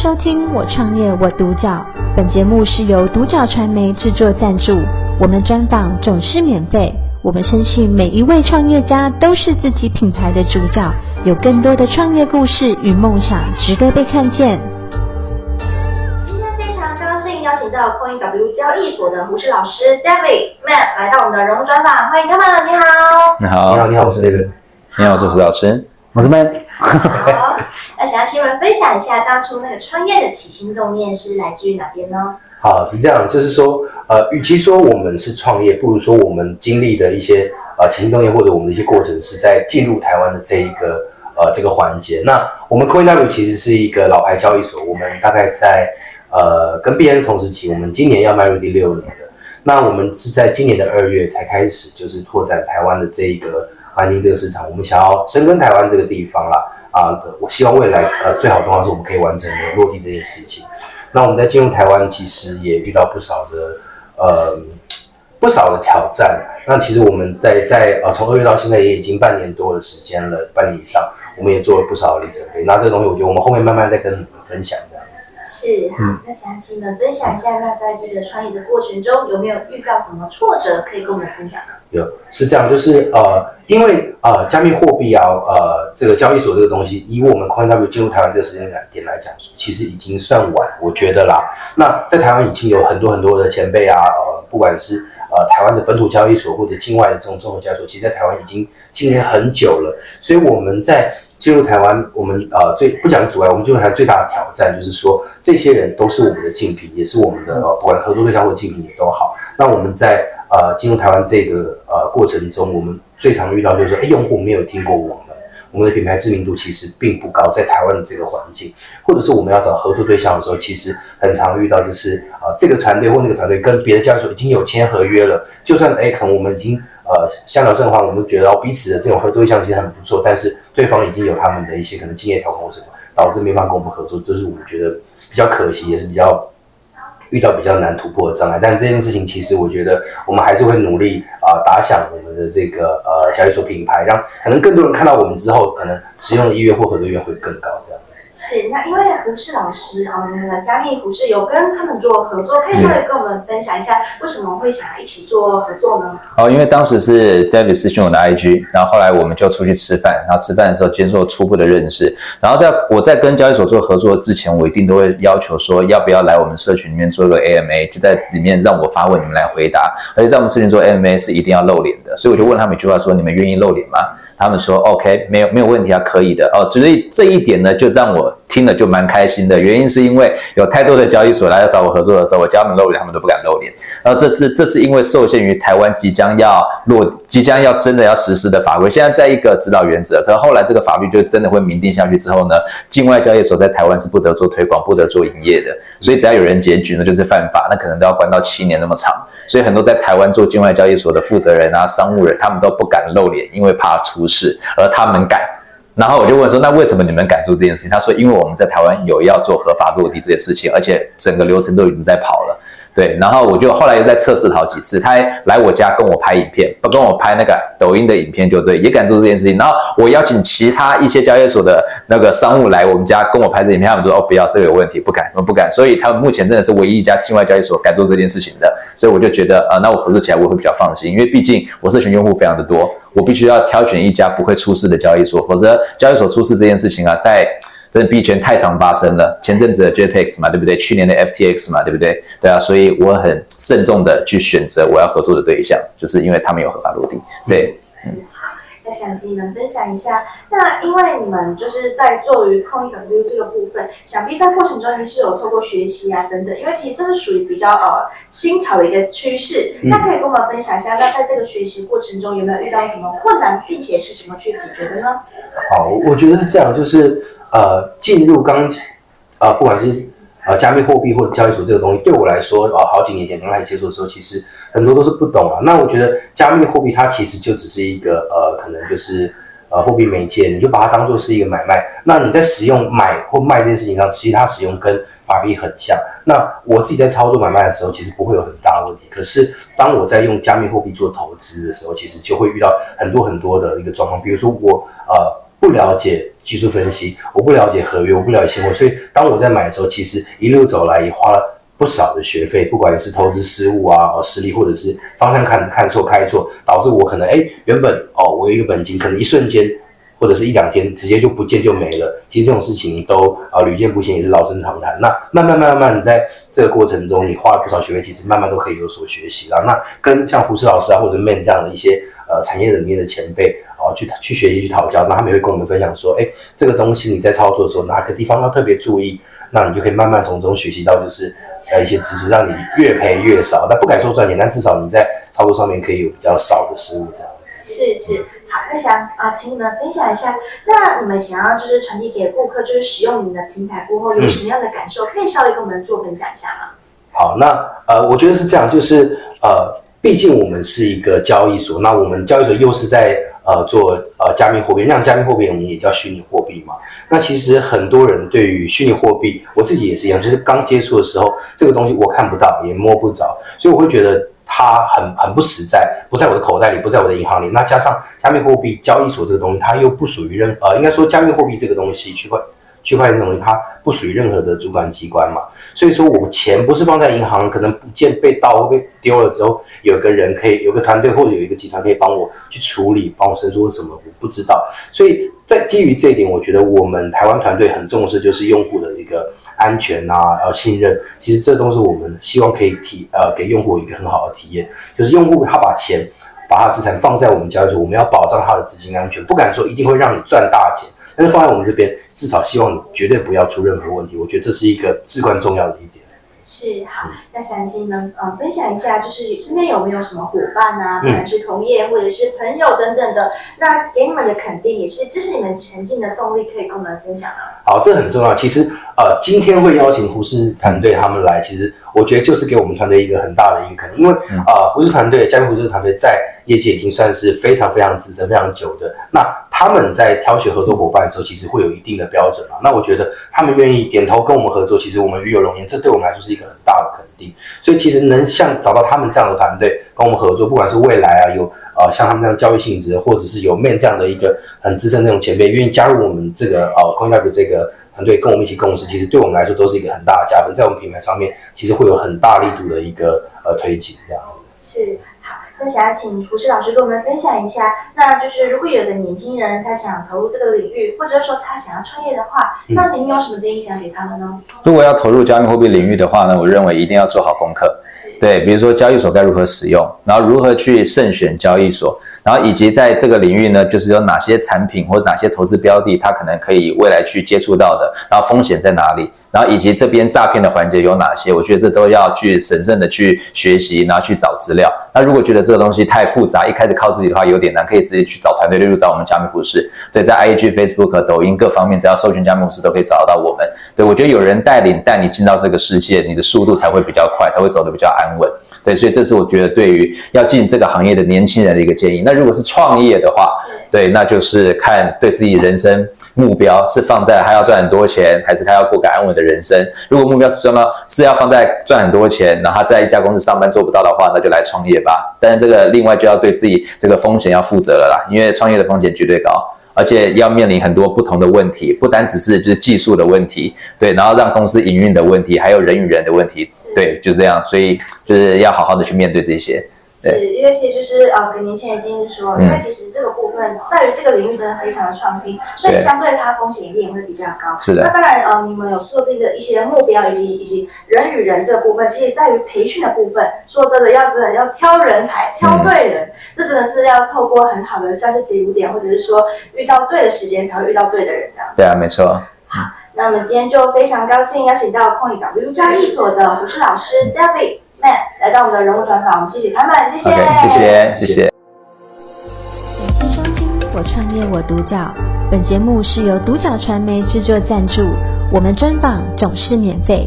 收聽我創業我獨角，本節目是由獨角傳媒制作贊助。我們專訪總是免費，我們相信每一位創業家都是自己品牌的主角，有更多的創業故事與夢想值得被看見。今天非常高興邀請到 CoinW 交易所的胡適老師 David Man 來到我們的人物專訪，歡迎他們！你好，你好，你好，你好，你好，我是胡老師，我是 Man，這個。 那想要請問分享一下，當初那個創業的起心動念是來自於哪邊呢？好，是這樣，就是說，呃，與其說我們是創業，不如說我們經歷的一些呃起心動念，或者我們的一些過程，是在進入台灣的這一個呃這個環節。那我們 CoinW 其實是一個老牌交易所，我們大概在呃跟 BN 同時期，我們今年要邁入第六年的。那我們是在今年的二月才開始，就是拓展台灣的這一個環境這個市場，我們想要深耕台灣這個地方啦、啊。啊，我希望未來呃最好狀況是我們可以完成的落地這件事情。那我們在進入台灣，其實也遇到不少的呃不少的挑戰。那其實我們在在呃從二月到現在也已經半年多的時間了，半年以上，我們也做了不少的準備。那這個東西，我覺得我們後面慢慢再跟你們分享這樣子。是，好，那想請你們分享一下。那在這個創業的過程中，有沒有遇到什麼挫折可以跟我們分享呢？嗯、有，是這樣，就是呃，因為呃，加密貨幣啊，呃，這個交易所這個東西，以我們 CoinW 進入台灣這個時間點來講，其實已經算晚，我覺得啦。那在台灣已經有很多很多的前輩啊，呃，不管是呃台灣的本土交易所或者境外的這種綜合交易所，其實，在台灣已經經營很久了，所以我們在。進入台灣，我們呃最不講阻礙，我們進入台灣最大的挑戰就是說，這些人都是我們的競品，也是我們的呃，不管合作對象或者競品也都好。那我們在呃進入台灣這個呃過程中，我們最常遇到就是說，哎，用戶沒有聽過我們，我們的品牌知名度其實並不高，在台灣的這個環境，或者是我們要找合作對象的時候，其實很常遇到就是呃這個團隊或那個團隊跟別的交易所已經有簽合約了，就算哎可能我們已經呃相聊甚歡，我們覺得、哦、彼此的這種合作對象其實很不錯，但是。對方已經有他們的一些可能經驗調控什麼，導致沒法跟我們合作，這、就是我們覺得比較可惜，也是比較遇到比較難突破的障礙。但是這件事情，其實我覺得我們還是會努力啊，打響我們的這個呃交易所品牌，讓可能更多人看到我們之後，可能使用的意願或合作意願會更高，這樣。是，那因為胡適老師，我們的加密胡適有跟他們做合作，可以稍微跟我們分享一下，為什麼會想要一起做合作呢、嗯？哦，因為當時是 David 私訊我的 IG，然後後來我們就出去吃飯，然後吃飯的時候接受初步的認識。然後在我在跟交易所做合作之前，我一定都會要求說，要不要來我們社群裡面做一個 AMA，就在裡面讓我發問，你們來回答。而且在我們社群做 AMA 是一定要露臉的，所以我就問他們一句話說，說你們願意露臉嗎？他們說 OK，沒有沒有問題啊，可以的哦。所以這一點呢，就讓我聽了就蠻開心的。原因是因為有太多的交易所來找我合作的時候，我叫他們露臉，他們都不敢露臉。然、呃、後這是這是因為受限於台灣即將要落，即將要真的要實施的法規，現在在一個指導原則。可是後來這個法律就真的會明定下去之後呢，境外交易所在台灣是不得做推廣，不得做營業的。所以只要有人檢舉呢，就是犯法，那可能都要關到七年那麼長。所以很多在台灣做境外交易所的負責人啊、商務人，他們都不敢露臉，因為怕出事。而他們敢，然後我就問說：那為什麼你們敢做這件事情？他說：因為我們在台灣有要做合法落地這件事情，而且整個流程都已經在跑了。對，然後我就後來又再測試好幾次，他還來我家跟我拍影片，不跟我拍那個抖音的影片就對，也敢做這件事情。然後我邀請其他一些交易所的那個商務來我們家跟我拍這影片，他們說哦不要，這個有問題，不敢，我不敢。所以他們目前真的是唯一一家境外交易所敢做這件事情的，所以我就覺得啊、呃，那我合作起來我會比較放心，因為畢竟我社群用戶非常的多，我必須要挑選一家不會出事的交易所，否則交易所出事這件事情啊，在。真的幣圈太常發生了，前陣子的 JPEX 嘛，對不對？去年的 FTX 嘛，對不對？對啊，所以我很慎重的去選擇我要合作的對象，就是因為他們有合法落地。對，嗯，好、嗯，那想請你們分享一下，那因為你們就是在做於空一點 u 這個部分，想必在過程中也是有透過學習啊等等，因為其實這是屬於比較呃新潮的一個趨勢，那可以跟我們分享一下，那在這個學習過程中有沒有遇到什麼困難，並且是怎麼去解決的呢、嗯？好，我覺得是這樣，就是。呃，進入剛，呃，不管是呃加密貨幣或者交易所這個東西，對我來說，啊、呃、好幾年前剛開始接觸的時候，其實很多都是不懂啊。那我覺得加密貨幣它其實就只是一個呃，可能就是呃貨幣媒介，你就把它當做是一個買賣。那你在使用買或賣這件事情上，其實它使用跟法幣很像。那我自己在操作買賣的時候，其實不會有很大的問題。可是當我在用加密貨幣做投資的時候，其實就會遇到很多很多的一個狀況。比如說我呃，不了解。技術分析，我不了解合約，我不了解期貨，所以當我在買的時候，其實一路走來也花了不少的學費，不管是投資失誤啊，哦失利，或者是方向看看錯開錯，導致我可能哎、欸、原本哦我有一個本金，可能一瞬間或者是一兩天直接就不見就沒了。其實這種事情都啊呃、屢見不鮮，也是老生常談。那慢慢慢慢慢，你在這個過程中，你花了不少學費，其實慢慢都可以有所學習了。那跟像胡適老師啊或者 Man 這樣的一些呃產業裡面的前輩。去去學習去討教，那他們也會跟我們分享說：“哎，這個東西你在操作的時候哪個地方要特別注意？”那你就可以慢慢從中學習到，就是呃一些知識，讓你越賠越少。那不敢說賺錢，但至少你在操作上面可以有比較少的失誤，這樣子。是是、嗯，好，那想啊，請你們分享一下，那你們想要就是傳遞給顧客，就是使用你們的平台過後有什麼樣的感受、嗯？可以稍微跟我們做分享一下嗎？好，那呃，我覺得是這樣，就是呃，畢竟我們是一個交易所，那我們交易所又是在。呃，做呃加密貨幣，像加密貨幣我們也叫虛擬貨幣嘛。那其實很多人對於虛擬貨幣，我自己也是一樣，就是剛接觸的時候，這個東西我看不到，也摸不着，所以我會覺得它很很不實在，不在我的口袋裡，不在我的銀行裡。那加上加密貨幣交易所這個東西，它又不屬於任，呃，應該說加密貨幣這個東西區塊鏈。區塊鏈的東西，它不屬於任何的主管機關嘛，所以說，我錢不是放在銀行，可能不見被盜、或被丟了之後，有個人可以、有個團隊或者有一個集團可以幫我去處理、幫我申訴什麼，我不知道。所以在基於這一點，我覺得我們台灣團隊很重視，就是用戶的一個安全啊，然後信任。其實這東西我們希望可以提，呃，給用戶一個很好的體驗，就是用戶他把錢、把他資產放在我們家，就我們要保障他的資金安全，不敢說一定會讓你賺大錢。但是放在我們這邊，至少希望你絕對不要出任何問題。我覺得這是一個至關重要的一點。是好，是好嗯、那想請你們呃分享一下，就是身邊有沒有什麼夥伴啊，不管是同業或者是朋友等等的，嗯，那給你們的肯定也是支持你們前進的動力，可以跟我們分享的。好，這很重要。其實。呃，今天會邀請胡適團隊他們來，其實我覺得就是給我們團隊一個很大的一個肯定，因為啊、嗯呃，胡適團隊嘉定胡適團隊在業界已經算是非常非常資深、非常久的。那他們在挑選合作夥伴的時候，其實會有一定的標準嘛。那我覺得他們願意點頭跟我們合作，其實我們與有榮焉，這對我們來說是一個很大的肯定。所以其實能像找到他們這樣的團隊跟我們合作，不管是未來啊，有呃像他們這樣交易性質，或者是有 Man 這樣的一個很資深那種前輩，願意加入我們這個、嗯、呃 CoinW 這個。團隊跟我們一起共事，其實對我們來說都是一個很大的加分，在我們品牌上面，其實會有很大力度的一個呃推進，這樣。是，好，那想要請廚師老師跟我們分享一下，那就是如果有一個年輕人他想投入這個領域，或者說他想要創業的話，那您有,有什麼建議想給他們呢？如果要投入加密貨幣領域的話呢，我認為一定要做好功課，對，比如說交易所該如何使用，然後如何去慎選交易所。然後以及在這個領域呢，就是有哪些產品或者哪些投資標的，它可能可以未來去接觸到的，然後風險在哪裡，然後以及這邊詐騙的環節有哪些，我覺得這都要去審慎的去學習，然後去找資料。那如果覺得這個東西太複雜，一開始靠自己的話有點難，可以直接去找團隊，例如找我們加密股市。對，在 IG、Facebook、抖音各方面，只要搜尋加密股市都可以找得到我們。對，我覺得有人帶領帶你進到這個世界，你的速度才會比較快，才會走得比較安穩。對，所以這是我覺得對於要進這個行業的年輕人的一個建議。那如果是創業的話，對，那就是看對自己人生目標是放在他要賺很多錢，還是他要過個安穩的人生。如果目標是什麼是要放在賺很多錢，然後在一家公司上班做不到的話，那就來創業吧。但是這個另外就要對自己這個風險要負責了啦，因為創業的風險絕對高。而且要面臨很多不同的問題，不單只是就是技術的問題，對，然後讓公司營運的問題，還有人與人的問題，對，就是這樣，所以就是要好好的去面對這些。是，是因為其實就是呃，給年輕人建議說，因為其實這個部分、嗯、在於這個領域真的非常的創新，所以相對它風險一定也會比較高。是的。那當然，呃，你們有設定的一些目標，以及以及人與人這個部分，其實在於培訓的部分，說真的要真的要挑人才，挑對人。嗯這真的是要透過很好的價值切入點，或者是說遇到對的時間才會遇到對的人，這樣。對啊，沒錯。好、嗯，那我們今天就非常高興邀請到 CoinW 交易所的投資老師 David Man 來到我們的人物專訪，我們續謝謝他們，okay, 謝謝，謝謝，謝謝。點擊收聽我創業我獨角。本節目是由獨角傳媒制作贊助，我們專訪總是免費。